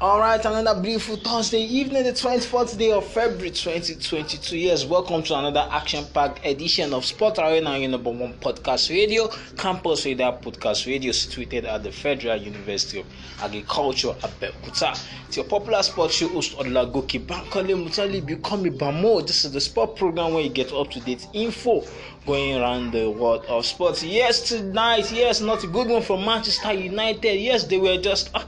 All right, another beautiful Thursday evening, the 24th day of February 2022. Yes, welcome to another action packed edition of Sport Arena, your number one podcast radio, Campus radio, Podcast Radio, situated at the Federal University of Agriculture, Abeokuta. It's your popular sports show host, Odlagoki Bankole Mutali Bukumi Bamo. This is the sport program where you get up to date info going around the world of sports. Yes, tonight, yes, not a good one for Manchester United. Yes, they were just. Uh,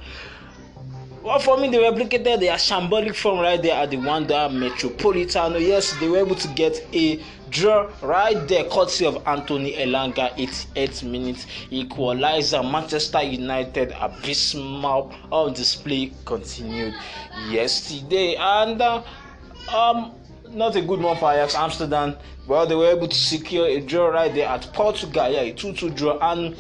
for me, they replicated are shambolic form right there at the Wanda metropolitan. Oh, yes, they were able to get a draw right there courtesy of Anthony Elanga eight minutes equalizer Manchester United abysmal on display continued yesterday and uh, um not a good one for Ajax Amsterdam. Well, they were able to secure a draw right there at Portugal, yeah, a two 2 draw. And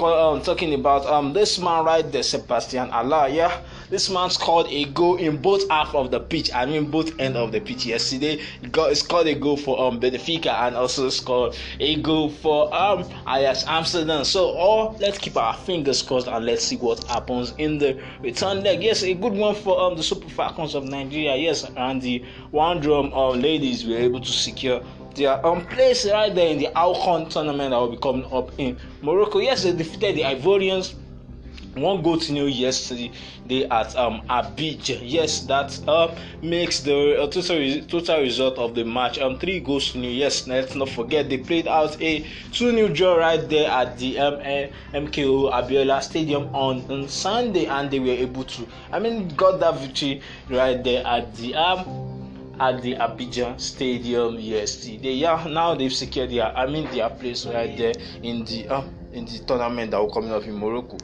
um, talking about um this man right there, Sebastian Alaya. yeah, This man scored a goal in both half of the pitch. I mean, both end of the pitch. Yesterday, got scored a goal for um Benfica and also scored a goal for um Ajax Amsterdam. So, all let's keep our fingers crossed and let's see what happens in the return leg. Yes, a good one for um the Super Falcons of Nigeria. Yes, and the one drum of ladies were able to secure their um place right there in the Alcon tournament that will be coming up in Morocco. Yes, they defeated the Ivorians one goat new yesterday at um, Abidjan. Yes, that uh, makes the uh, total, re- total result of the match. Um, three goals new. Yes, let's not forget they played out a two new draw right there at the um, uh, eh, MKO Abiola Stadium on, on Sunday, and they were able to. I mean, got that victory right there at the um, at the Abidjan Stadium yesterday. Yeah, now they've secured their, I mean, their place right there in the um, in the tournament that will come up in Morocco.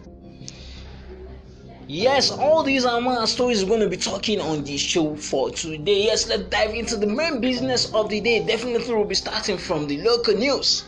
Yes, all these are my stories we're going to be talking on this show for today. Yes, let's dive into the main business of the day. Definitely, we'll be starting from the local news.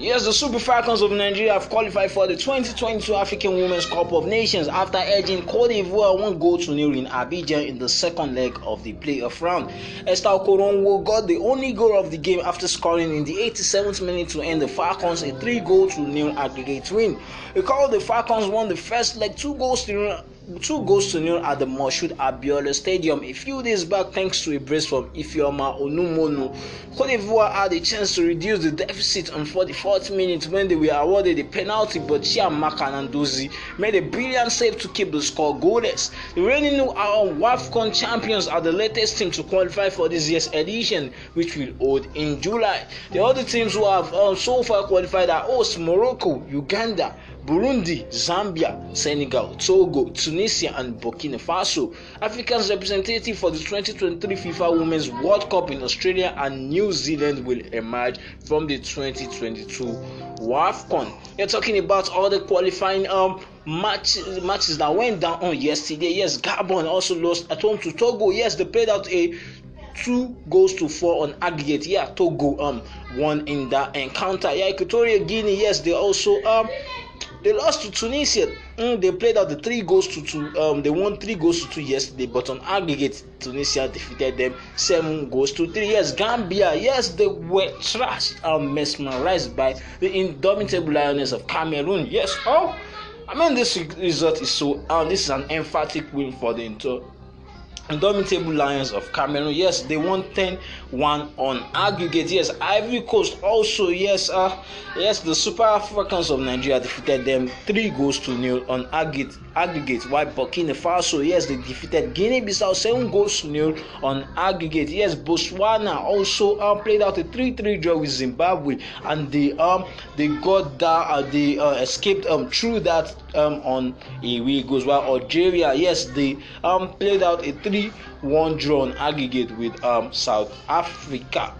Yes, the Super Falcons of Nigeria have qualified for the 2022 African Women's Cup of Nations after edging Cote d'Ivoire one goal to nil in Abidjan in the second leg of the playoff round. Estelle Koronwo got the only goal of the game after scoring in the 87th minute to end the Falcons a three goal to nil aggregate win. Recall the Falcons won the first leg two goals to nil two goals to nil at the Moshood Abiola Stadium a few days back thanks to a brace from Ifeoma Onumonu. Cote d'Ivoire had a chance to reduce the deficit on 44th minute when they were awarded a penalty but Chiamaka Nandozi made a brilliant save to keep the score goalless. The reigning WAFCON champions are the latest team to qualify for this year's edition which will hold in July. The other teams who have um, so far qualified are hosts Morocco, Uganda, Burundi, Zambia, Senegal, Togo, Tunisia, and Burkina Faso. Africa's representative for the 2023 FIFA Women's World Cup in Australia and New Zealand will emerge from the 2022 WAFCON. You're talking about all the qualifying um, match, matches that went down on yesterday. Yes, Gabon also lost at home to Togo. Yes, they played out a two goals to four on aggregate. Yeah, Togo um won in that encounter. Yeah, Equatorial Guinea. Yes, they also um They lost to Tunisia. Mm, they played out the three goals to two. Um, they won three goals to two yesterday, but on aggregate, Tunisia defeated them seven goals to three. Yes, Gambia. Yes, they were trashed and mesmerized by the indomitable lioness of Cameroon. Yes, oh, I mean this result is so. Um, this is an emphatic win for the entire Indomitable Lions of Cameroon. Yes, they won 10 1 on aggregate. Yes, Ivory Coast also. Yes, uh, yes, the Super Africans of Nigeria defeated them 3 goals to nil on aggregate. aggregate while Burkina Faso, yes, they defeated Guinea Bissau 7 goals to nil on aggregate. Yes, Botswana also uh, played out a 3 3 draw with Zimbabwe and they um they got that uh, they uh, escaped um through that um on away goals. While Algeria, yes, they um played out a 3 only one draw on aggregate with um, South Africa.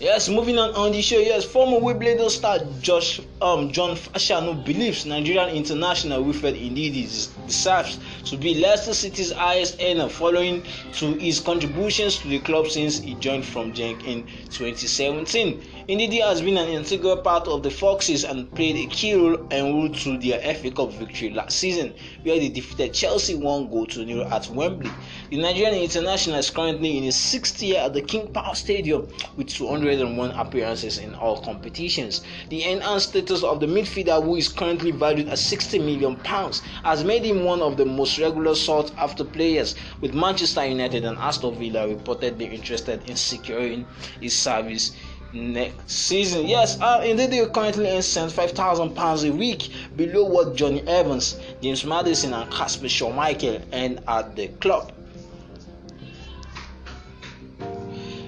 Yes, moving on on the show. Yes, former Wimbledon star Josh um, John Fashanu believes Nigerian international Wilfred indeed is, deserves to be Leicester City's highest earner, following to his contributions to the club since he joined from Genk in 2017. Ndidi has been an integral part of the Foxes and played a key role and route to their FA Cup victory last season, where they defeated Chelsea one goal to nil at Wembley. The Nigerian international is currently in his sixth year at the King Power Stadium with 201 appearances in all competitions. The enhanced status of the midfielder, who is currently valued at 60 million pounds, has made him one of the most regular sought-after players, with Manchester United and Aston Villa reportedly interested in securing his service next season. Yes, uh, indeed, they currently earn five thousand pounds a week, below what Johnny Evans, James Madison, and Casper Michael earn at the club.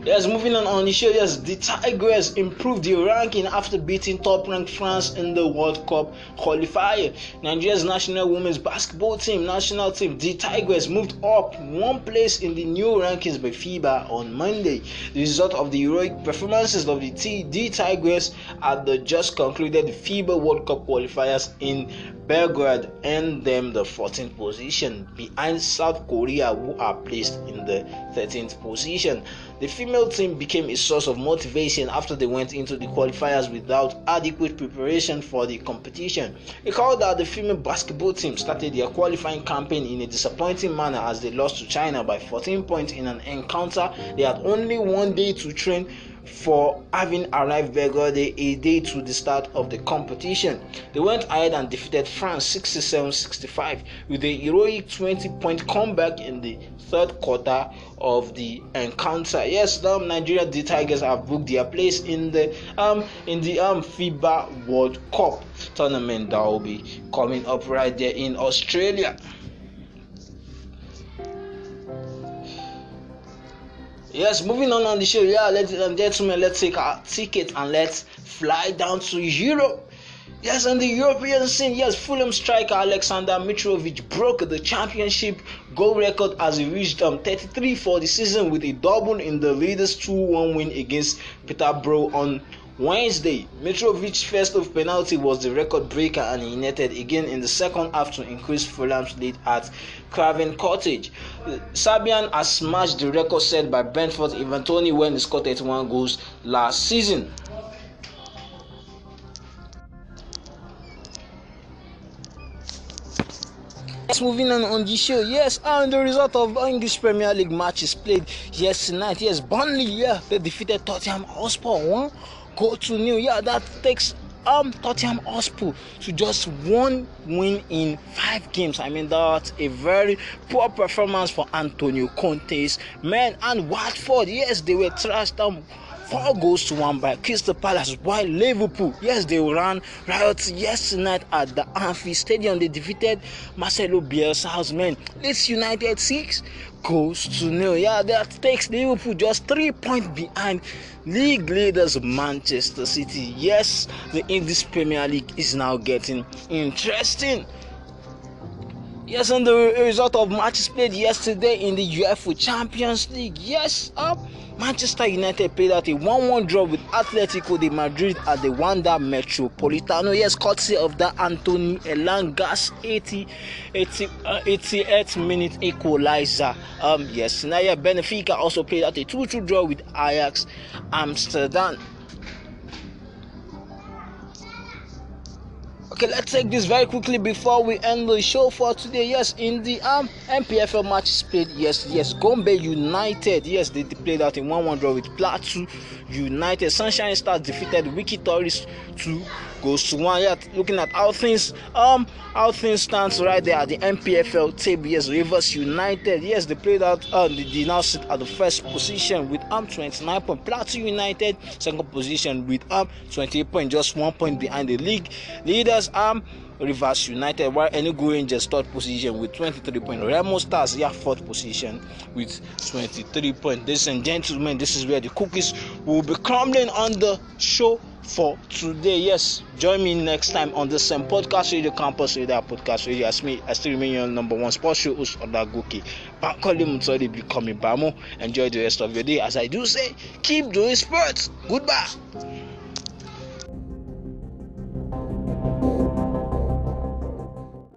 Yes, moving on on the show, yes, the Tigers improved their ranking after beating top-ranked France in the World Cup qualifier. Nigeria's national women's basketball team, national team, the Tigers moved up one place in the new rankings by FIBA on Monday. The result of the heroic performances of the T- the Tigers at the just concluded FIBA World Cup qualifiers in Belgrade earned them the 14th position behind South Korea, who are placed in the 13th position. The female team became a source of motivation after they went into the qualifiers without adequate preparation for the competition. Recall that the female basketball team started their qualifying campaign in a disappointing manner as they lost to China by 14 points in an encounter they had only one day to train for having arrived Belgrade a day to the start of the competition. They went ahead and defeated France 67 65 with a heroic 20 point comeback in the third quarter of the encounter. Yes, now um, Nigeria the Tigers have booked their place in the um in the um FIBA World Cup tournament that will be coming up right there in Australia. Yes, moving on on the show. Yeah, ladies and um, gentlemen, let's take our ticket and let's fly down to Europe. Yes, and the European scene, yes, Fulham striker Alexander Mitrovic broke the championship goal record as he reached um, 33 for the season with a double in the leaders 2 1 win against Peterborough on Wednesday, Mitrovic's first of penalty was the record breaker and he netted again in the second half to increase Fulham's lead at Craven Cottage. Sabian has smashed the record set by Brentford Ivan Tony when he scored one goals last season. Yes, moving on on the show. Yes, and the result of English Premier League matches played yes tonight. Yes, Burnley, yeah, they defeated Tottenham Hotspur one goal to nil. Yeah, that takes um Tottenham Hotspur to just one win in five games. I mean that's a very poor performance for Antonio Conte's men and Watford. Yes, they were trashed down. Um, Four goals to one by Crystal Palace. While Liverpool, yes, they ran riots yesterday night at the Anfield Stadium. They defeated Marcelo Bielsa's men. Leeds United six goals to nil. Yeah, that takes Liverpool just three points behind league leaders Manchester City. Yes, the English Premier League is now getting interesting. Yes, and the result of matches played yesterday in the UEFA Champions League. Yes, up Manchester United played out a 1 1 draw with Atletico de Madrid at the Wanda Metropolitano. Yes, courtesy of that Anthony Elangas 80, 80, uh, 88 minute equalizer. Um, yes, Naya Benfica also played out a 2 2 draw with Ajax Amsterdam. Okay, let's take this very quickly before we end the show for today. Yes, in the um, MPFL match played, yes, yes, Gombe United, yes, they, they played out in 1 1 draw with Plateau United. Sunshine Stars defeated Wiki Tourist 2 goes to 1. Yeah, looking at how things um how things stands right there at the MPFL table. Yes, Rivers United, yes, they played out, uh, they, they now sit at the first position with um 29 points. Plateau United, second position with um 28 points, just one point behind the league leaders. West Ham, Rivers United, while Enugu Rangers third position with twenty three points. Remo Stars here fourth position with twenty three points. Ladies and gentlemen, this is where the cookies will be crumbling on the show for today. Yes, join me next time on the same podcast radio campus radio podcast radio. As me, I still remain your number one sports show host Odagoke. Bankole Mutori becoming Bamo. Enjoy the rest of your day. As I do say, keep doing sports. Goodbye.